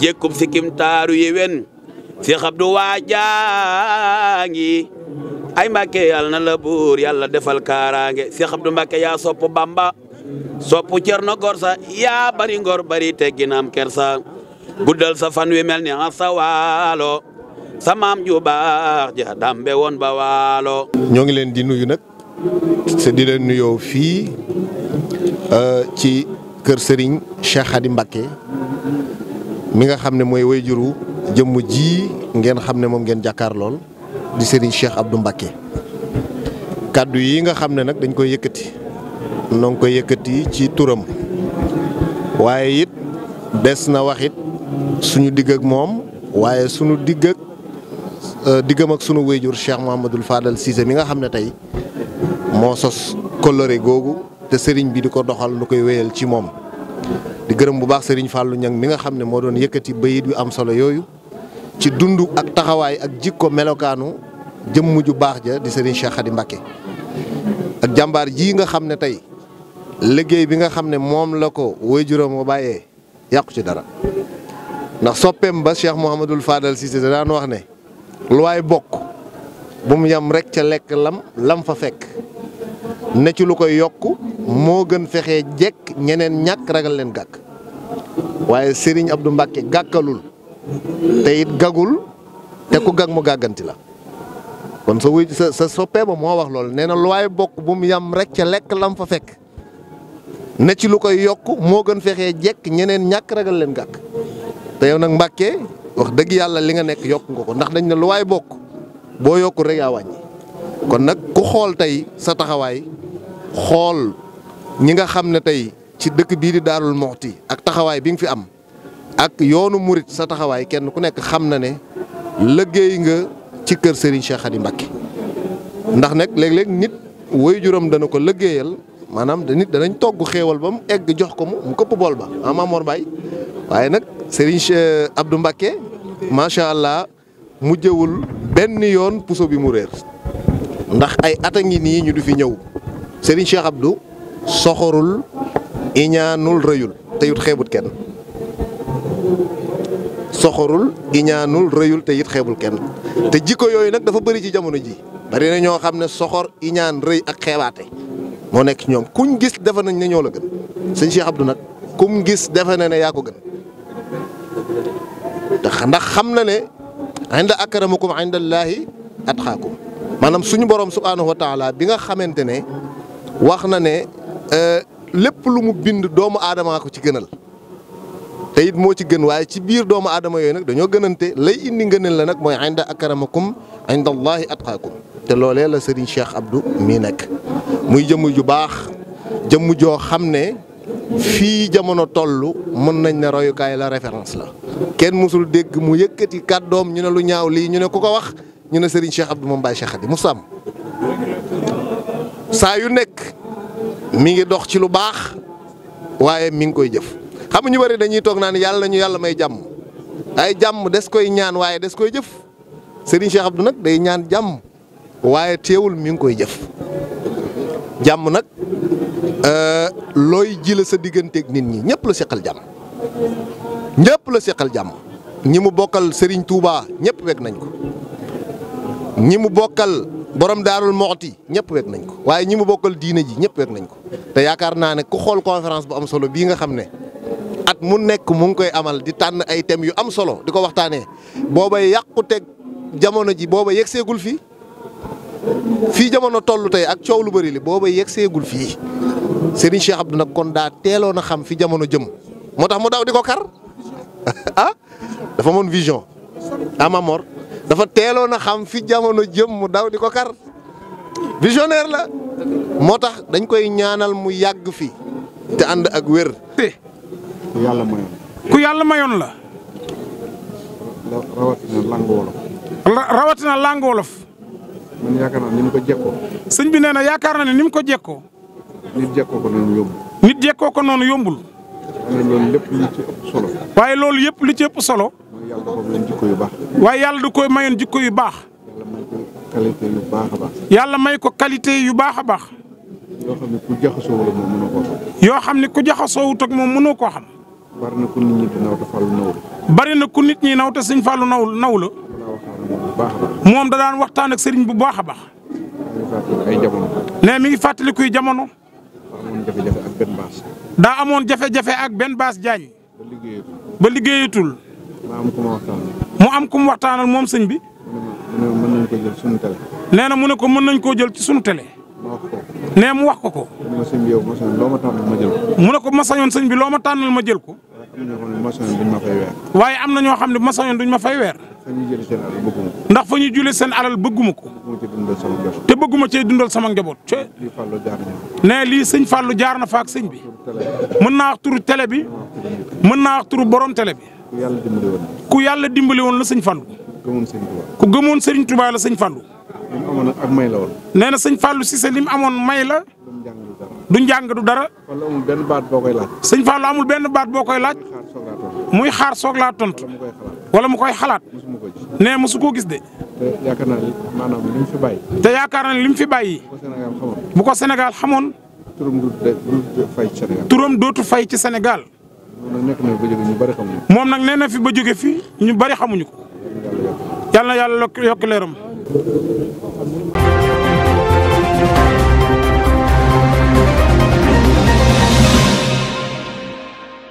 jekkum sikim taaru yewen si xabdu waajaangi ay Mbàkke yàlla na la buur yàlla defal kaaraange si xabdu Mbàkke yaa sopp Bamba sopp Cerno Gorsa yaa bari ngor bari tegginam kersa guddal sa fan wi mel ni a sa waalo sa maam ju baax ja dambe woon ba waalo ñoo ngi leen di nuyu nag te di leen nuyoo fii eh, ci kër Serigne Cheikh Khady mi nga xam ne mooy wayjuru jëmm ji ngeen xam ne moom ngeen jàkkaar lool di Serigne Cheikh Abdou Mbacké kàddu yi nga xam ne nag dañ koy yëkkati noo ngi koy yëkkati ci turam waaye it des na wax it suñu digg ak moom waaye suñu digg ak euh, diggam ak sunu wayjur Cheikh Mouhamadul Fadal Cissé mi nga xam ne tey moo sos kóllëre googu te sëriñ bi di ko doxal nu koy wéyal ci moom di gërëm bu baax Serigne Fallou Niang mi nga xam ne moo doon yëkkati bayit yu am solo yooyu ci dund ak taxawaay ak jikko melokaanu jëmm ju baax ja di Serigne Cheikh Khady Mbacké ak jàmbaar ji nga xam ne tey liggéey bi nga xam ne moom la ko waajuram wa bàyyee yàqu ci dara ndax soppeem ba Cheikh Mouhamadul Fadal si da daan wax ne lu waay bokk bu mu yam rek ca lekk lam lam fa fekk ne ci lu koy yokk moo gën fexee jekk ñeneen ñàkk ragal leen gàkk waaye ab Abdou Mbacke gàkkalul te it gagul te ku gag mu gàgganti la kon sa wuy sa sa soppee ba moo wax loolu nee na lu waay bokk bu mu yam rek ca lekk lam fa fekk ne ci lu koy yokk moo gën fexee jekk ñeneen ñàkk ragal leen gàkk te yow nag Mbacke wax dëgg yàlla li nga nekk yokk nga ko ndax dañ ne lu waay bokk boo yokkul rek yaa wàññi kon nag ku xool tey sa taxawaay xool ñi nga xam ne tey ci dëkk bii di daalul Muxti ak taxawaay bi nga fi am ak yoonu murit sa taxawaay kenn ku nekk xam na ne liggéey nga ci kër Serigne Cheikh Khady Mbacké ndax nag léeg-léeg nit juróom dana ko liggéeyal maanaam nit danañ togg xéewal ba mu egg jox ko mu mu këpp bool ba ah Mamor Baye waaye nag Serigne ab Abdou Mbacké macha allah mujjewul benn yoon puso bi mu réer ndax ay at a ngi nii ñu du fi ñëw. Serigne Cheikh Abdou soxorul iñaanul rëyul te it xeebul kenn soxorul iñaanul réyul te it xeebul kenn te jikko yooyu nag dafa bari ci jamono ji bari na ñoo xam ne soxor iñaan rëy ak xeebaate moo nekk ñoom kuñ gis defe nañ ne ñoo la gën sëñ Cheikh Abdou nag kum gis defe na ne yaa ko gën ndax xam na ne inda akramakum inda Allaahi atqaakum suñu borom subhaanahu wa bi nga xamante ne wax na ne euh, lépp lu mu bind doomu aadama ko ci gënal te it moo ci gën waaye ci biir doomu aadama yooyu nag dañoo gënante lay indi ngëneel la nag mooy inda akramakum inda allahi atqaakum te loolee la Serigne Cheikh Abdou mii nekk muy jëmm ju baax jëmm joo xam ne fii jamono toll mën nañ ne royukaay la référence la kenn mësul dégg mu yëkkati doom ñu ne lu ñaaw lii ñu ne ku ko wax ñu ne Serigne Cheikh Abdou moom Baye Cheikh Khady mu sàmm saa yu nekk mi ngi dox ci lu baax waaye mi ngi koy jëf xam ñu bari dañuy toog naan yàlla nañu yàlla may jàmm ay jàmm des koy ñaan waaye des koy jëf Serigne Cheikh Abdou nag day ñaan jàmm waaye teewul mi ngi koy jëf jàmm nag euh, looy jila sa digganteeg nit ñi ñëpp la seqal jàmm ñëpp la seqal jàmm ñi mu bokkal sëriñ tuubaa ñëpp weg nañ ko ñi mu bokkal. borom daarul yi ñëpp wek nañ ko waaye ñi mu bokkal diine ji ñëpp wek nañ ko te yaakaar naa ne ku xool conférence bu am solo bii nga xam ne at mu nekk mu ngi koy amal di tànn ay thèmes yu am solo di ko waxtaanee boobay yàquteg jamono ji booba seegul fii fii jamono toll tey ak coow lu bëri li booba seegul fii Serigne Cheikh Abdou nag kon daa teeloon a xam fi jamono jëm moo tax mu daw di ko kar ah dafa moon vision ama mor dafa teeloo na xam fi jamono jëm mu daw di ko kar visionnaire la moo tax dañ koy ñaanal mu yàgg fi te ànd ak wér. ku yàlla mayoon. ku yàlla mayoon la. rawatina langue wolof. rawatina langue wolof. man yaakaar ko jekkoo. sëñ bi nee na yaakaar naa ni mu ko jekkoo. nit jekkoo ko noonu yombul. nit jekkoo ko noonu yombul. waaye loolu lépp li ci loolu yëpp li ci solo. waaye yàlla du koy mayoon jikko yu baax. qualité yu baax a baax. yàlla may ko qualité yu baax a baax. yoo xam ne ku jaxasoo moom mënoo xam. yoo xam ne ku jaxasoo wut ak moom mënoo koo xam. bari na ku nit ñi naw te fàllu naw bari na ku nit ñi naw te sëñ fàllu naw naw la. moom da daan waxtaan ak sëriñ bu baax a baax. ne mi ngi fàttalikuy jamono. daa amoon jafe-jafe ak benn baas. daa amoon jafe-jafe ak benn baas jaañ. ba liggéeyatul. mu am ku mu waxtaanal moom sëñ bi. nee na mu ne ko mën nañ koo jël ci sunu télé. nee mu wax ko ko. mu ne ko ma sañoon sëñ bi loo ma tànnal ma jël ko. waaye am na ñoo xam ne ma sañoon duñ ma fay weer. ndax fa ñuy jëlee seen alal bëgguma ko. te bëgguma cee dundal sama njaboot. nee lii sëñ Fallou jaar na fa ak sëñ bi. mën naa wax turu bi. mën naa wax turu borom télé bi. ku yàlla dimbali woon ku yàlla dimbali woon la sëñ Fallou. gëmoon sëñ Touba. ku gëmoon sëriñ Touba la sëñ Fallou. lim amoon la woon. nee na sëñ Fallou Cissé lim amoon may la. du njàng du dara. wala amul benn baat boo koy laaj. sëñ Fallou amul benn baat boo koy laaj. muy xaar soog laa tontu. wala mu koy xalaat. nee mosu koo gis de. te yaakaar naa ne maanaam li fi bàyyi. te yaakaar naa li mu fi bàyyi. bu ko Sénégal xamoon. turam dootu fay ci Sénégal. dootu fay ci Sénégal. moom nag nee na fi ba jóge fi ñu bari xamuñu ko yàlla na yàlla